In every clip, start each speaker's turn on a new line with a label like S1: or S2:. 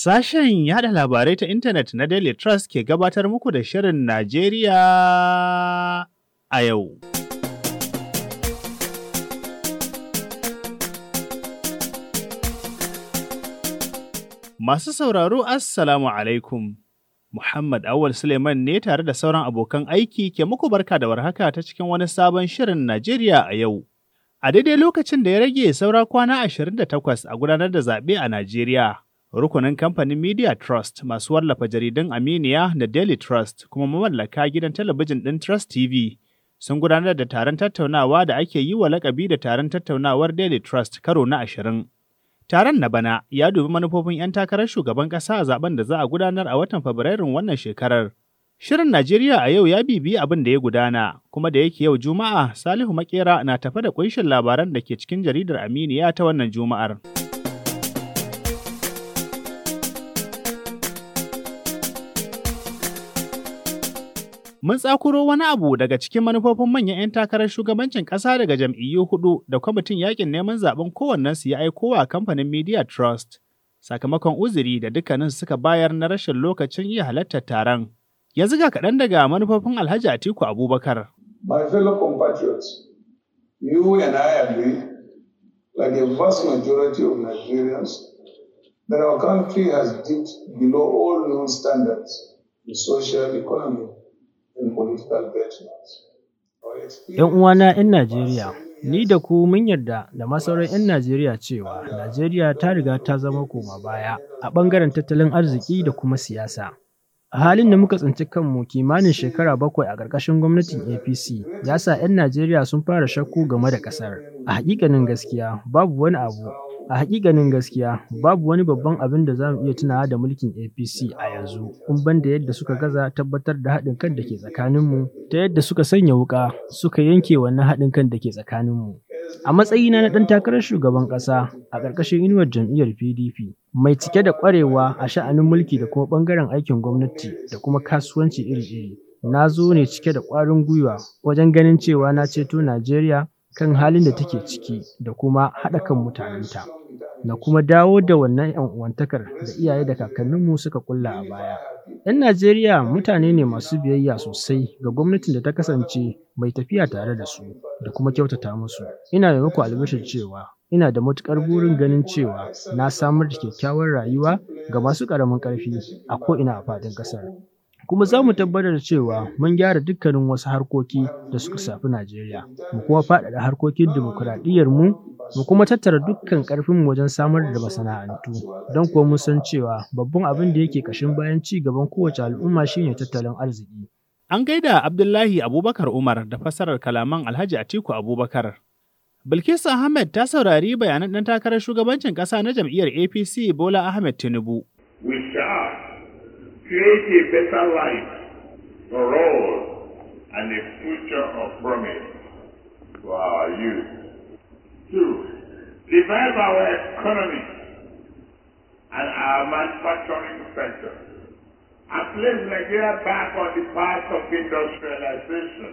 S1: Sashen yada labarai ta intanet na Daily Trust ke gabatar muku da Shirin Najeriya a yau. Masu sauraro Assalamu alaikum. Muhammad Awal Suleiman ne tare da sauran abokan aiki ke muku barka da warhaka ta cikin wani sabon Shirin Najeriya a yau. A daidai lokacin da ya rage saura kwana 28 a gudanar da zaɓe a Najeriya. Rukunin kamfanin Media Trust masu wallafa jaridun Aminiya da Daily Trust kuma mamallaka gidan talabijin ɗin Trust TV sun gudanar da taron tattaunawa da ake yi wa lakabi da taron tattaunawar Daily Trust karo na ashirin. Taron na bana ya dubi manufofin 'yan takarar shugaban ƙasa a zaben da za a gudanar a watan Fabrairun wannan shekarar. Shirin Najeriya a yau ya bibiyi abin da ya gudana, kuma da yake yau Juma'a, Salihu Makera na tafe da ƙunshin labaran da ke cikin jaridar Aminiya ta wannan Juma'ar. Mun tsakuro wani abu daga cikin manufofin manyan 'yan takarar shugabancin ƙasa daga jam'iyyu hudu da kwamitin yakin neman zaben kowannensu ya aiko wa kamfanin Media Trust. Sakamakon uzuri da dukkanin suka bayar na rashin lokacin iya halartar taron. Ya ziga kaɗan daga manufofin Alhaji Atiku Abubakar.
S2: My fellow
S3: compatriots, you and I agree, like a vast majority of Nigerians, that our country has dipped below all known standards
S4: in social economy.
S5: 'Yan uwana 'yan Najeriya, ni da ku mun yarda da masaurin 'yan Najeriya cewa Najeriya ta riga ta zama koma baya a ɓangaren tattalin arziki da kuma siyasa. A halin da muka tsinci kanmu kimanin shekara bakwai a ƙarƙashin gwamnatin APC ya sa 'yan Najeriya sun fara shakku game da ƙasar. A haƙiƙanin gaskiya, babu wani abu A haƙiƙanin gaskiya, babu wani babban abin da za mu iya tunawa da mulkin APC a yanzu in ban da yadda suka gaza tabbatar da haɗin kan da ke tsakaninmu ta yadda suka sanya wuƙa suka yanke wannan haɗin kan da ke tsakaninmu. A matsayina na ɗan takarar shugaban ƙasa a ƙarƙashin inuwar jam'iyyar PDP, mai cike da ƙwarewa a sha'anin mulki da kuma ɓangaren aikin gwamnati da kuma kasuwanci iri-iri, na zo ne cike da ƙwarin gwiwa wajen ganin cewa na ceto Najeriya kan halin da take ciki da kuma haɗa kan mutanenta. Na kuma dawo da wannan 'yan uwantakar da iyaye da kakanninmu suka kulla a baya. 'Yan Najeriya mutane ne masu biyayya sosai ga gwamnatin da ta kasance mai tafiya tare da su da kuma kyautata musu. Ina yi muku albishir cewa ina da matuƙar burin ganin cewa na samar da kyakkyawar rayuwa ga masu ƙaramin ƙarfi a ko'ina a faɗin ƙasar. Kuma za mu tabbatar da cewa mun gyara dukkanin wasu harkoki da suka shafi Najeriya, mu kuma faɗaɗa harkokin mu. mu kuma tattara dukkan ƙarfinmu wajen samar da masana'antu don kuwa mun san cewa babban abin da yake ƙashin bayan ci gaban kowace al'umma shine tattalin arziki.
S1: An gaida Abdullahi Abubakar Umar da fasarar kalaman Alhaji Atiku Abubakar. Bilkisu Ahmed ta saurari bayanan ɗan takarar shugabancin ƙasa na jam'iyyar APC Bola Ahmed Tinubu.
S4: a
S3: better life for all and a future of promise for our youth. to develop our economy and our manufacturing sector and place Nigeria back on the path of industrialization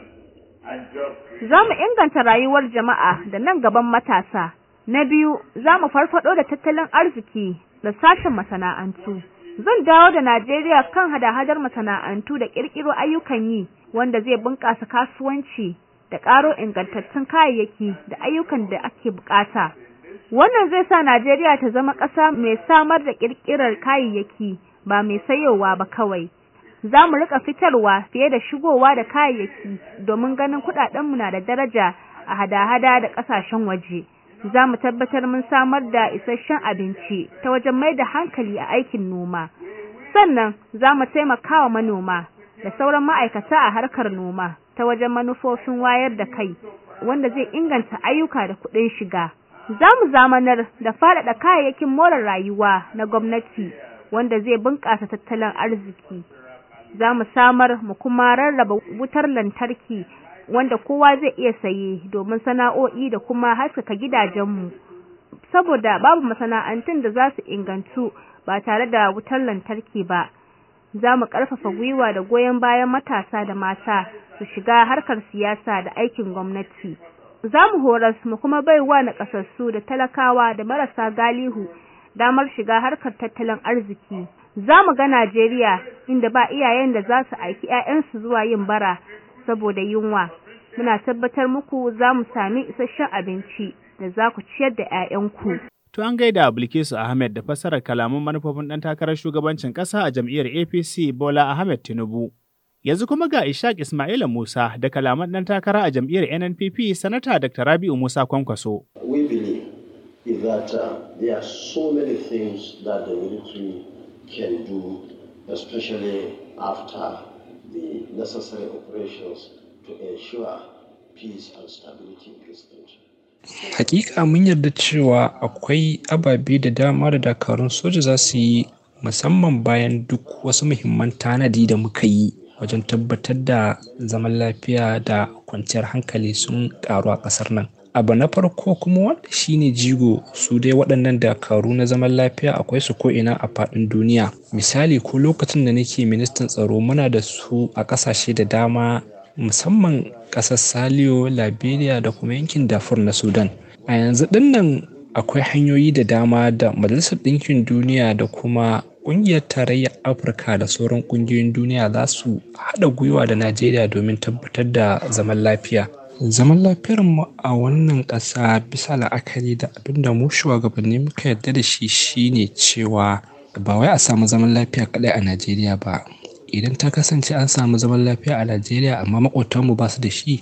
S3: and job Za mu
S4: inganta rayuwar jama'a da nan gaban matasa. Na biyu, za mu farfado da tattalin arziki da sashen masana'antu. Zan dawo da Najeriya kan hada-hadar masana'antu da ƙirƙiro ayyukan yi wanda zai bunƙasa kasuwanci da ƙaro ingantattun kayayyaki da ayyukan da ake bukata. Wannan zai sa Najeriya ta zama ƙasa mai samar da ƙirƙirar kayayyaki ba mai sayowa ba kawai. Za mu rika fitarwa fiye da shigowa da kayayyaki domin ganin kuɗaɗenmu na da daraja a hada-hada da ƙasashen waje. Za mu tabbatar mun samar da isasshen abinci ta wajen mai da hankali a aikin noma. Sannan za mu taimaka wa manoma da sauran ma'aikata a harkar noma. ta wajen manufofin wayar da kai wanda zai inganta ayyuka da kuɗin shiga. Za mu zamanar da faɗaɗa kayayyakin more rayuwa na gwamnati wanda zai bunƙasa tattalin arziki. Za mu samar mu kuma rarraba wutar lantarki wanda kowa zai iya saye domin sana'o'i da kuma haskaka gidajenmu. Saboda babu masana'antun da za su ingantu ba tare da wutar lantarki ba, za mu ƙarfafa gwiwa da goyon bayan matasa da mata su shiga harkar siyasa da aikin gwamnati. Za mu horas mu kuma baiwa na ƙasassu da talakawa da marasa galihu damar shiga harkar tattalin arziki. Za mu ga Najeriya inda ba iyayen da za su aiki 'ya'yansu zuwa yin bara saboda yunwa. Muna tabbatar muku za mu sami isasshen abinci da za ku ciyar da 'ya'yanku.
S1: To an gaida Bilkisu Ahmed da fassarar kalaman manufofin ɗan takarar shugabancin ƙasa a jam'iyyar APC Bola Ahmed Tinubu. Yanzu kuma ga Ishaq Ismaila Musa da kalaman ɗan takara a jam'iyyar NNPP Sanata Dr. Rabi'u Musa Kwankwaso.
S5: We believe that uh, there are so many things that the military can do especially after the necessary operations to ensure peace and stability in this
S6: country. Hakika mun yarda cewa akwai ababe da dama da dakarun soja za su yi musamman bayan duk wasu muhimman tanadi da muka yi wajen tabbatar da zaman lafiya da kwanciyar hankali sun karu a ƙasar nan. Abu na farko kuma wanda shine jigo su dai waɗannan dakaru na zaman lafiya akwai su ko'ina a faɗin duniya. Misali ko lokacin da nake ministan tsaro muna da su a ƙasashe da dama musamman ƙasar saliyo liberia da kuma yankin darfur na sudan a yanzu dinnan akwai hanyoyi da dama da majalisar ɗinkin duniya da kuma ƙungiyar tarayyar afirka da sauran ƙungiyoyin duniya za su haɗa gwiwa da najeriya domin tabbatar da zaman lafiya zaman lafiyar mu a wannan ƙasa bisa la'akari da abin da mu shugabanni muka yarda da shi shine cewa ba wai a samu zaman lafiya kaɗai a najeriya ba idan ta kasance an samu zaman lafiya a najeriya amma makotanmu ba su da shi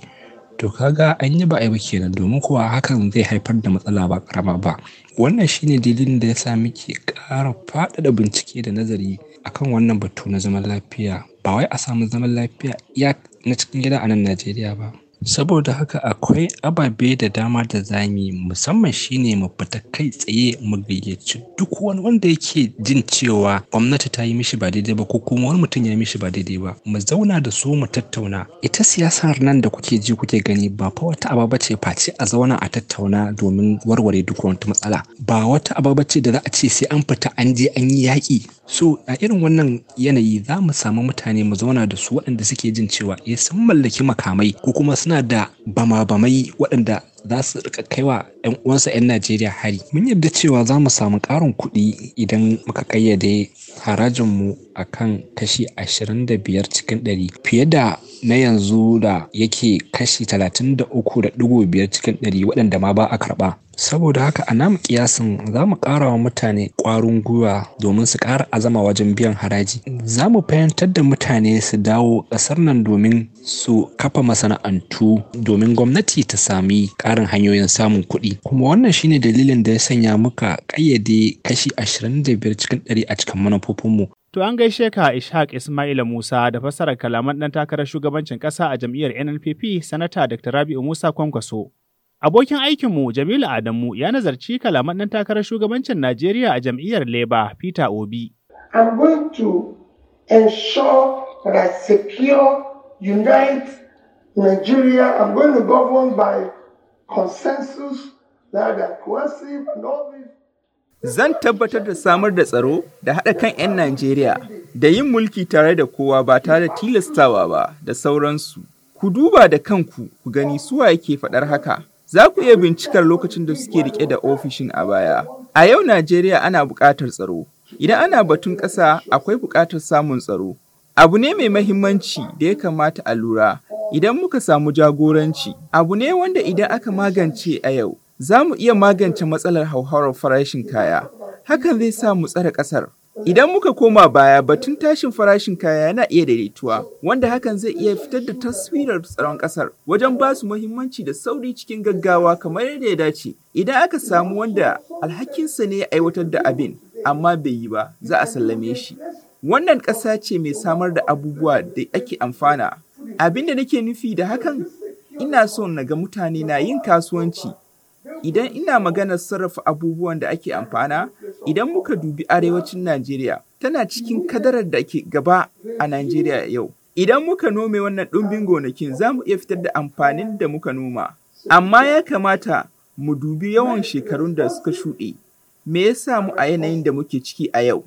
S6: to kaga an yi ba ba kenan domin kuwa hakan zai haifar da matsala ba karama ba wannan shine dalilin da ya sa muke ƙara faɗaɗa bincike da nazari akan wannan batu na zaman lafiya ba wai a samu zaman lafiya ya na cikin gida a nan najeriya ba saboda haka akwai ababe da dama da zami, musamman shine mu fita kai tsaye mu gayyaci duk wani wanda yake jin cewa gwamnati ta yi mishi ba daidai ba ko kuma wani mutum ya yi mishi ba daidai ba mu zauna da su mu tattauna ita siyasar nan da kuke ji kuke gani ba fa wata aba bace face a zauna a tattauna domin warware duk wata matsala ba wata aba bace da za a ce sai an fita an je an yi yaƙi so a irin wannan yanayi za mu samu mutane mu zauna da su waɗanda suke jin cewa eh sun mallaki makamai ko kuma suna da bama-bamai waɗanda za su rika kaiwa 'yan uwansa 'yan Najeriya hari. Mun yarda cewa za mu samu ƙarin kuɗi idan muka ƙayyade harajinmu a kan kashi 25 cikin 100 fiye da na yanzu da yake kashi 33.5 cikin 100 waɗanda ma ba a karɓa. saboda haka a namu kiyasin za mu ƙara wa mutane ƙwarin gwiwa domin su ƙara azama wajen biyan haraji za mu fahimtar da mutane su dawo ƙasar nan domin su kafa masana'antu domin gwamnati ta sami ƙarin hanyoyin samun kuɗi kuma wannan shine dalilin da ya sanya muka ƙayyade kashi 25 cikin 100 a cikin manufofinmu
S1: To an gaishe ka Ishaq Ismaila Musa da fassarar kalaman ɗan takarar shugabancin ƙasa a jam'iyyar NNPP Sanata Dr. Rabi'u Musa Kwankwaso. Abokin aikinmu Jamilu Adamu ya nazarci kalaman ɗan takarar shugabancin Najeriya a jam'iyyar Labour Peter Obi. I'm going to ensure that secure, unite Nigeria. I'm going to govern by consensus, that are cohesive and all this.
S3: Zan tabbatar da samar da tsaro da haɗa kan 'yan Najeriya da yin mulki tare da kowa ba tare da tilastawa ba da sauransu. Ku duba da kanku ku gani suwa yake faɗar haka. Za ku iya bincikar lokacin da suke rike da ofishin a baya. A yau Najeriya ana buƙatar tsaro. Idan ana batun ƙasa akwai buƙatar samun tsaro. Abu ne mai mahimmanci da ya kamata a lura idan muka samu jagoranci. Abu ne wanda idan aka magance a yau, za mu iya magance matsalar hauhawar farashin kaya. Hakan zai sa mu tsare ƙasar. Idan muka koma baya batun tashin farashin kaya yana iya daidaituwa, wanda hakan zai iya fitar da taswirar tsaron ƙasar wajen ba su muhimmanci da sauri cikin gaggawa kamar yadda ya dace. Idan aka samu wanda alhakinsa ne ya aiwatar da abin, amma bai yi ba, za a sallame shi. Wannan ƙasa ce mai samar da abubuwa da ake amfana. Abin da nake nufi da hakan, ina so na ga mutane na yin kasuwanci. Idan ina maganar sarrafa abubuwan da ake amfana, Idan muka dubi arewacin Najeriya, tana cikin kadarar da ke gaba a Najeriya yau. Idan muka nome wannan ɗumbin gonakin za mu iya fitar da amfanin da muka noma. Amma ya kamata mu dubi yawan shekarun da suka shuɗe. Me ya sa mu a yanayin da muke ciki a yau?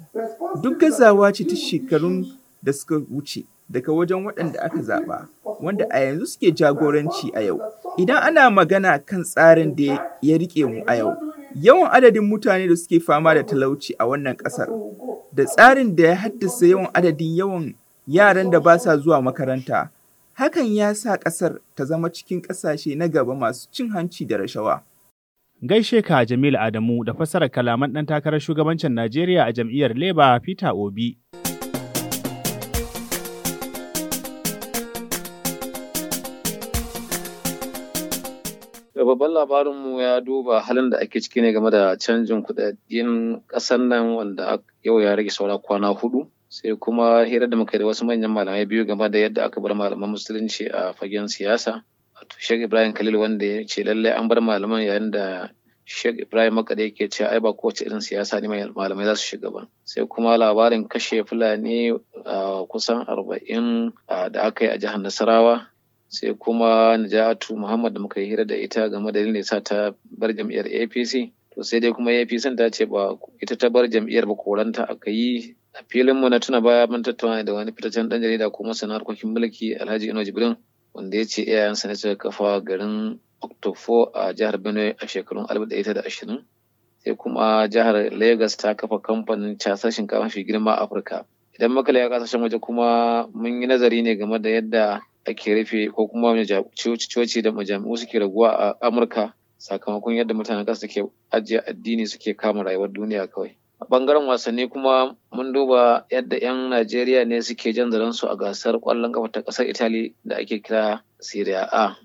S3: Duk gazawa ce ta shekarun da suka wuce daga wajen waɗanda aka zaɓa, wanda a yanzu suke jagoranci a yau. Idan ana magana kan tsarin da ya riƙe mu a yau, Yawan adadin mutane da suke fama da talauci a wannan ƙasar da tsarin da ya haddasa yawan adadin yawan yaran da ba sa zuwa makaranta, hakan ya sa ƙasar ta zama cikin ƙasashe na
S1: gaba masu cin hanci da rashawa. Gaishe ka Jamilu Adamu da fassarar kalaman ɗan takarar shugabancin Najeriya a jam'iyyar Leba Peter Obi.
S7: babban labarinmu ya duba halin da ake ciki ne game da canjin kudaden ƙasar nan wanda yau ya rage saura kwana hudu sai kuma hira da muka da wasu manyan malamai biyu game da yadda aka bar malaman musulunci a fagen siyasa wato Sheikh Ibrahim Khalil wanda ya ce lallai an bar malaman yayin da Sheikh Ibrahim Makade yake ce ai ba kowace irin siyasa ne malamai za su shiga ba. Sai kuma labarin kashe Fulani ah, kusan arba'in ah, da aka yi a jihar Nasarawa sai kuma Nijatu muhammad da muka yi hira da ita game da sa ta bar jam'iyyar apc to sai dai kuma apc ta ce ba ita ta bar jam'iyyar ba koranta aka yi a filin mu na tuna baya mun tattauna da wani fitaccen dan jarida kuma masana harkokin mulki alhaji ino jibrin wanda ya ce iyayen sa ne suka kafa garin 4 a jihar benue a shekarun 1920 sai kuma jihar lagos ta kafa kamfanin casar shinkafa fi girma a afirka idan muka ya kasashen waje kuma mun yi nazari ne game da yadda ake rufe ko kuma coci da majami'u suke raguwa a amurka sakamakon yadda mutanen ƙasa suke ajiye addini suke kama rayuwar duniya kawai a bangaren wasanni kuma mun duba yadda 'yan najeriya ne suke jan zaransu a gasar kwallon kafa ta ƙasar Itali da ake kira syria a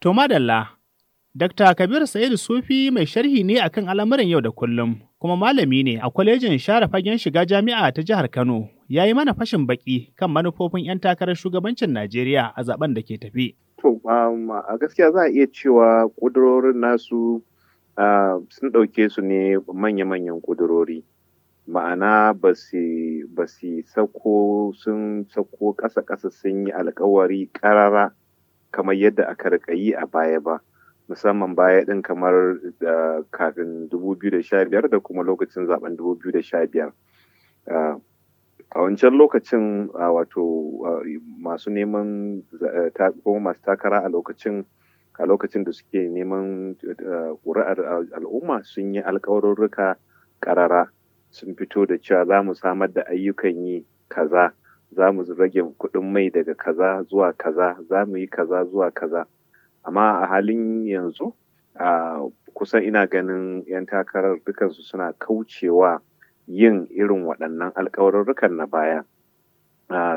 S1: To madalla Dr. Kabir Sa'idu Sufi mai sharhi ne akan al'amuran yau da kullum, kuma malami ne a kwalejin share fagen shiga jami'a ta jihar Kano. Ya yi mana fashin baki kan manufofin 'yan takarar shugabancin Najeriya a zaben da ke
S2: tafi. To, um, a gaskiya za a iya cewa ƙudurorin nasu uh, sun ɗauke su ne manya-manyan ƙudurori. Ma'ana ba su sako sun sako ƙasa-ƙasa sun yi alkawari ƙarara kamar yadda aka riƙa yi a baya ba. musamman baya ɗin kamar da kafin 2015 da kuma lokacin zaben 2015 a wancan lokacin wato masu neman eh, ko masu takara a lokacin a lokacin da suke neman eh, ƙuri'ar al'umma sun yi alkawarurruka ƙarara sun fito da cewa za mu samar da ayyukan yi kaza za mu rage kuɗin mai daga kaza zuwa kaza za mu yi kaza zuwa kaza amma a halin yanzu kusan ina ganin 'yan takarar dukansu suna kaucewa yin irin waɗannan alkawarurrukan na baya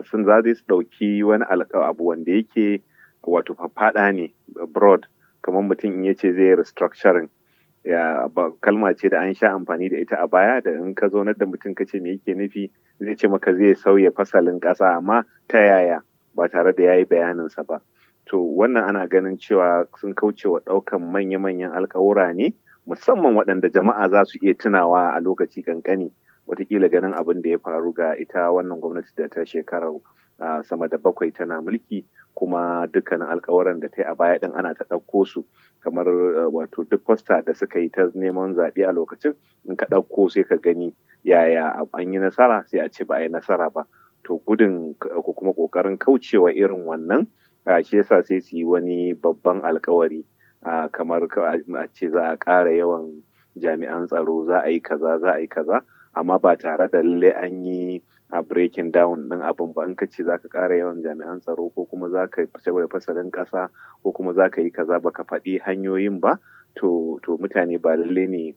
S2: sun za su ɗauki wani abu wanda yake wato faɗa ne broad kamar mutum in yace zai restructuring ya kalma ce da an sha amfani da ita a baya da in ka zaunar da mutum ka ce me yake nufi zai ce maka zai sauya fasalin ƙasa amma ta yaya ba tare da ya yi bayaninsa ba to wannan ana ganin cewa sun kaucewa ɗaukan manya-manyan alkawura ne musamman waɗanda jama'a za su iya tunawa a lokaci kankani watakila ganin abin da ya faru ga ita wannan gwamnati da ta shekarar sama da bakwai tana mulki kuma dukkanin alkawaran da ta yi a baya ɗin ana ta ɗauko su kamar wato duk fasta da suka yi ta neman zaɓe a lokacin in ka ɗauko sai ka gani yaya an yi nasara sai a ce ba a yi nasara ba to gudun ko kuma ƙoƙarin kaucewa irin wannan shi yasa sai su yi wani babban alkawari kamar a ce za a ƙara yawan jami'an tsaro za a yi kaza za a yi kaza amma ba tare da lalle an yi a breaking down din abin ba in ka ce za ka ƙara yawan jami'an tsaro ko kuma za ka saboda fasalin ƙasa ko kuma za ka yi kaza ba ka faɗi hanyoyin ba to mutane ba lalle ne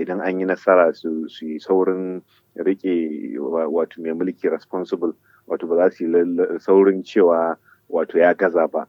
S2: idan an yi nasara su yi saurin rike wato mai mulki responsible wato ba za su yi saurin cewa wato ya gaza ba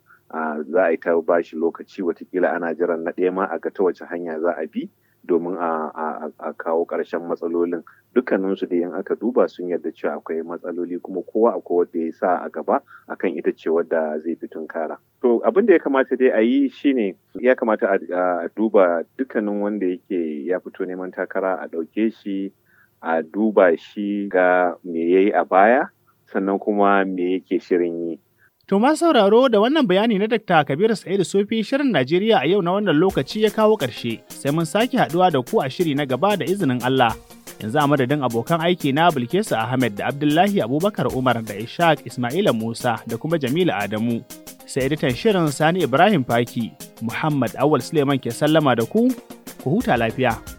S2: za a yi ta ba shi lokaci watakila ana jiran na ɗaya ma a ga ta wace hanya za a bi domin a kawo ƙarshen matsalolin dukkaninsu da yin aka duba sun yarda cewa akwai matsaloli kuma kowa akwai wanda ya sa a gaba akan ita ce wadda zai fi tunkara. To abin da ya kamata dai a yi shine ya kamata a duba dukkanin wanda yake ya fito neman takara a ɗauke shi a duba shi ga me ya yi a baya sannan kuma me yake shirin yi.
S1: To ma sauraro da wannan bayani na Dr. Kabir Sa'id Sofi shirin Najeriya a yau na wannan lokaci ya kawo ƙarshe sai mun sake haɗuwa da ku a shiri na gaba da izinin Allah. Yanzu a madadin abokan aiki na Bilkisu Ahmed da Abdullahi Abubakar Umar da Ishaq Ismaila Musa da kuma Jamilu Adamu. Sai editan shirin Sani Ibrahim Faki, Muhammad Awal Suleiman ke sallama da ku, ku huta lafiya.